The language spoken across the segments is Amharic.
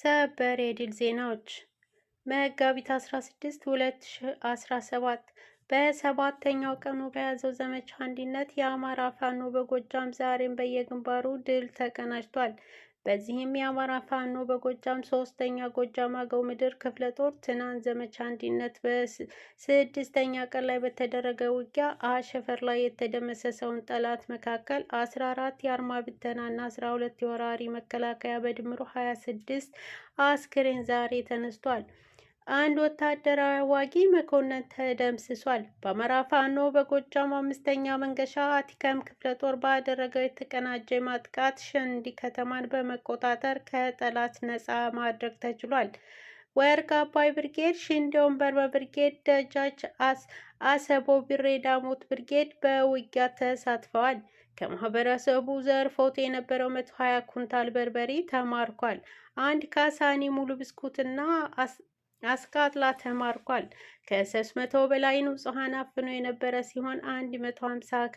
ሰበር የድል ዜናዎች መጋቢት 16 2017 በሰባተኛው ቀኑ በያዘው ዘመቻ አንድነት የአማራ ፋኖ በጎጃም ዛሬም በየግንባሩ ድል ተቀናጅቷል። በዚህም የአማራ ፋኖ በጎጃም ሶስተኛ ጎጃም አገው ምድር ክፍለ ጦር ትናንት ዘመቻ አንድነት በስድስተኛ ቀን ላይ በተደረገ ውጊያ አሸፈር ላይ የተደመሰሰውን ጠላት መካከል አስራ አራት የአርማ ብተና እና አስራ ሁለት የወራሪ መከላከያ በድምሩ ሀያ ስድስት አስክሬን ዛሬ ተነስቷል። አንድ ወታደራዊ አዋጊ መኮንን ተደምስሷል። በአማራ ፋኖ በጎጃም አምስተኛ መንገሻ አቲከም ክፍለ ጦር ባደረገው የተቀናጀ ማጥቃት ሸንዲ ከተማን በመቆጣጠር ከጠላት ነፃ ማድረግ ተችሏል። ወርቅ አባይ ብርጌድ፣ ሽንዲ ወንበርማ ብርጌድ፣ ደጃች አሰቦ ብሬ ዳሞት ብርጌድ በውጊያ ተሳትፈዋል። ከማህበረሰቡ ዘርፎት የነበረው መቶ 20 ኩንታል በርበሬ ተማርኳል። አንድ ካሳኒ ሙሉ ብስኩትና አስካትላ ተማርኳል። ከ300 በላይ ንጹሐን አፍኖ የነበረ ሲሆን 150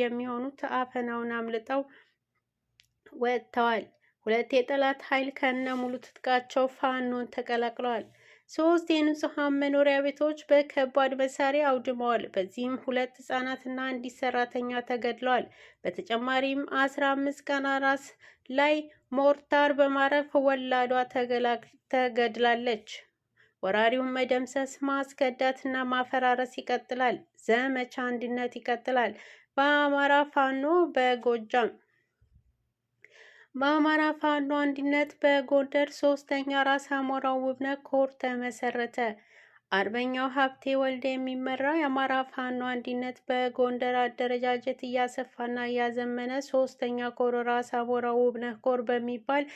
የሚሆኑት አፈናውን አምልጠው ወጥተዋል። ሁለት የጠላት ኃይል ከነ ሙሉ ትጥቃቸው ፋኖን ተቀላቅለዋል። ሶስት የንጹሐን መኖሪያ ቤቶች በከባድ መሳሪያ አውድመዋል። በዚህም ሁለት ህጻናትና አንዲት ሰራተኛ ተገድለዋል። በተጨማሪም አስራ አምስት ቀን ራስ ላይ ሞርታር በማረፍ ወላዷ ተገድላለች። ወራሪውን መደምሰስ፣ እና ማፈራረስ ይቀጥላል። ዘመቻ አንድነት ይቀጥላል። በአማራ ፋኖ በጎጃም በአማራ ፋኖ አንድነት በጎንደር ሶስተኛ ራስ አሞራው ውብነህ ኮር ተመሰረተ። አርበኛው ሀብቴ ወልደ የሚመራው የአማራ ፋኖ አንድነት በጎንደር አደረጃጀት እያሰፋና እያዘመነ ሶስተኛ ኮር ራስ አሞራው ውብነ ኮር በሚባል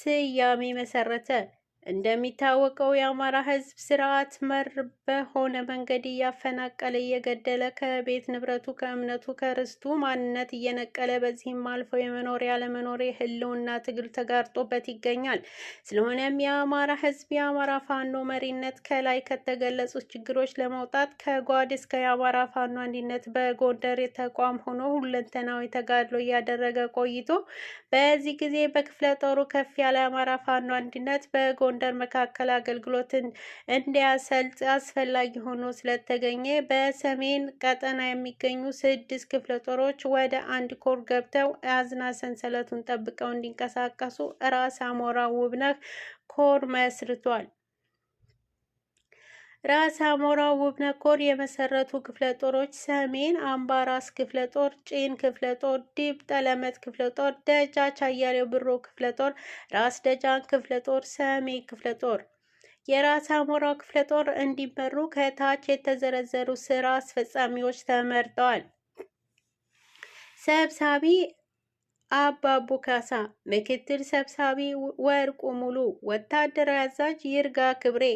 ስያሜ መሰረተ። እንደሚታወቀው የአማራ ህዝብ ስርዓት መር በሆነ መንገድ እያፈናቀለ እየገደለ ከቤት ንብረቱ፣ ከእምነቱ፣ ከርስቱ ማንነት እየነቀለ በዚህም አልፎ የመኖር ያለመኖር የህልውና ትግል ተጋርጦበት ይገኛል። ስለሆነም የአማራ ህዝብ የአማራ ፋኖ መሪነት ከላይ ከተገለጹት ችግሮች ለመውጣት ከጓድ እስከ የአማራ ፋኖ አንድነት በጎንደር ተቋም ሆኖ ሁለንተናዊ ተጋድሎ እያደረገ ቆይቶ በዚህ ጊዜ በክፍለ ጦሩ ከፍ ያለ የአማራ ፋኖ አንድነት በጎ በጎንደር መካከል አገልግሎትን እንዲያሰልጥ አስፈላጊ ሆኖ ስለተገኘ በሰሜን ቀጠና የሚገኙ ስድስት ክፍለ ጦሮች ወደ አንድ ኮር ገብተው አዝና ሰንሰለቱን ጠብቀው እንዲንቀሳቀሱ ራስ አሞራ ውብነህ ኮር መስርቷል። ራስ አሞራ ውብነ ኮር የመሰረቱ ክፍለ ጦሮች ሰሜን አምባራስ ክፍለ ጦር፣ ጪን ክፍለ ጦር፣ ዲብ ጠለመት ክፍለ ጦር፣ ደጃች አያሌው ብሮ ክፍለ ጦር፣ ራስ ደጃን ክፍለ ጦር፣ ሰሜን ክፍለ ጦር የራስ አሞራ ክፍለ ጦር እንዲመሩ ከታች የተዘረዘሩ ስራ አስፈጻሚዎች ተመርጠዋል። ሰብሳቢ አባቡ ካሳ፣ ምክትል ሰብሳቢ ወርቁ ሙሉ፣ ወታደራዊ አዛዥ ይርጋ ክብሬ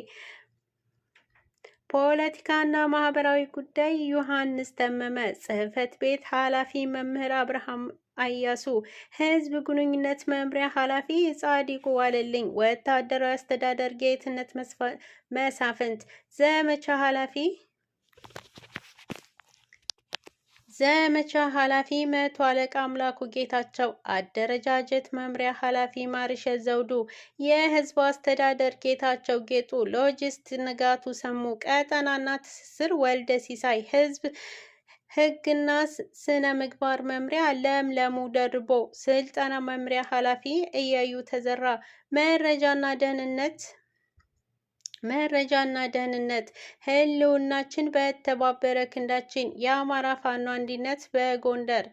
ፖለቲካና ማህበራዊ ጉዳይ ዮሐንስ ተመመ፣ ጽህፈት ቤት ኃላፊ መምህር አብርሃም አያሱ፣ ህዝብ ግንኙነት መምሪያ ኃላፊ ጻዲቁ ዋለልኝ፣ ወታደራዊ አስተዳደር ጌትነት መሳፍንት፣ ዘመቻ ኃላፊ ዘመቻ ኃላፊ መቶ አለቃ አምላኩ ጌታቸው፣ አደረጃጀት መምሪያ ኃላፊ ማርሸ ዘውዱ፣ የህዝቡ አስተዳደር ጌታቸው ጌጡ፣ ሎጂስት ንጋቱ ሰሙ፣ ቀጠናና ትስስር ወልደ ሲሳይ፣ ህዝብ ህግና ስነ ምግባር መምሪያ ለምለሙ ደርቦ፣ ስልጠና መምሪያ ኃላፊ እያዩ ተዘራ፣ መረጃና ደህንነት መረጃና ደህንነት ህልውናችን በተባበረ ክንዳችን! የአማራ ፋኖ አንድነት በጎንደር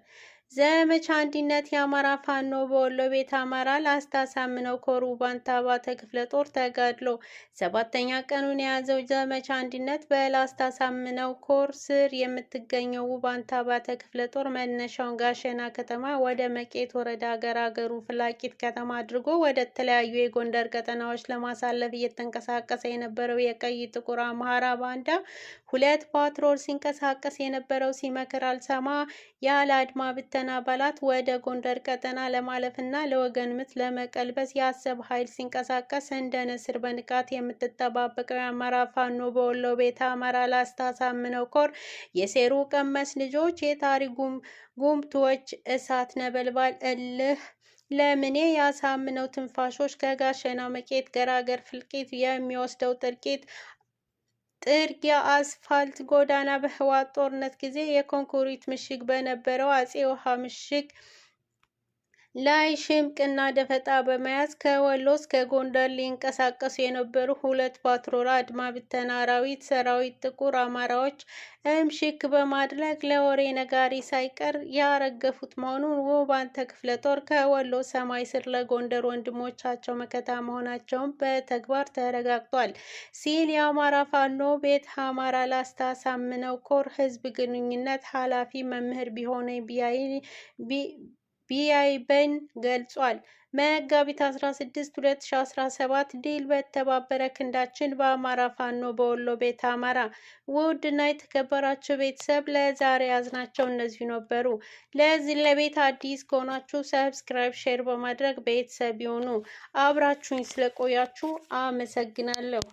ዘመቻ አንድነት የአማራ ፋኖ በወሎ ቤት አማራ ላስታ ሳምነው ኮር ውባንታ ክፍለ ጦር ተጋድሎ ሰባተኛ ቀኑን የያዘው ዘመቻ አንድነት በላስታ ሳምነው ኮር ስር የምትገኘው ውባንታ ባተ ክፍለ ጦር መነሻውን ጋሸና ከተማ ወደ መቄት ወረዳ ሀገር ሀገሩ ፍላቂት ከተማ አድርጎ ወደ ተለያዩ የጎንደር ቀጠናዎች ለማሳለፍ እየተንቀሳቀሰ የነበረው የቀይ ጥቁር አማራ ባንዳ ሁለት ፓትሮል ሲንቀሳቀስ የነበረው ሲመክር አልሰማ ያለ አድማ ብተ የብልጽግና አባላት ወደ ጎንደር ቀጠና ለማለፍና ለወገን ምት ለመቀልበስ የአሰብ ኃይል ሲንቀሳቀስ እንደ ንስር በንቃት የምትጠባበቀው የአማራ ፋኖ በወሎ ቤተ አማራ ላስታ ሳምነው ኮር የሴሩ ቀመስ ልጆች የታሪ ጉምቱዎች እሳት ነበልባል እልህ ለምኔ ያሳምነው ትንፋሾች ከጋሸና መቄት ገራገር ፍልቂት የሚወስደው ጥልቂት ጥርጊያ አስፋልት ጎዳና በህወሓት ጦርነት ጊዜ የኮንክሪት ምሽግ በነበረው አፄ ውሃ ምሽግ ላይ ሽምቅና ደፈጣ በመያዝ ከወሎ እስከ ጎንደር ሊንቀሳቀሱ የነበሩ ሁለት ፓትሮል አድማ ብተና አራዊት ሰራዊት ጥቁር አማራዎች እምሽክ በማድረግ ለወሬ ነጋሪ ሳይቀር ያረገፉት መሆኑን ውባንተ ክፍለ ጦር ከወሎ ሰማይ ስር ለጎንደር ወንድሞቻቸው መከታ መሆናቸውን በተግባር ተረጋግጧል ሲል የአማራ ፋኖ ቤት አማራ ላስታ ሳምነው ኮር ህዝብ ግንኙነት ኃላፊ መምህር ቢሆነ ቢያይ ቢአይበን ገልጿል። መጋቢት 16 2017 ድል በተባበረ ክንዳችን በአማራ ፋኖ በወሎ ቤት አማራ። ውድና የተከበራችሁ ቤተሰብ ለዛሬ ያዝናቸው እነዚሁ ነበሩ። ለዚህ ለቤት አዲስ ከሆናችሁ ሰብስክራይብ፣ ሼር በማድረግ ቤተሰብ ይሁኑ። አብራችሁኝ ስለቆያችሁ አመሰግናለሁ።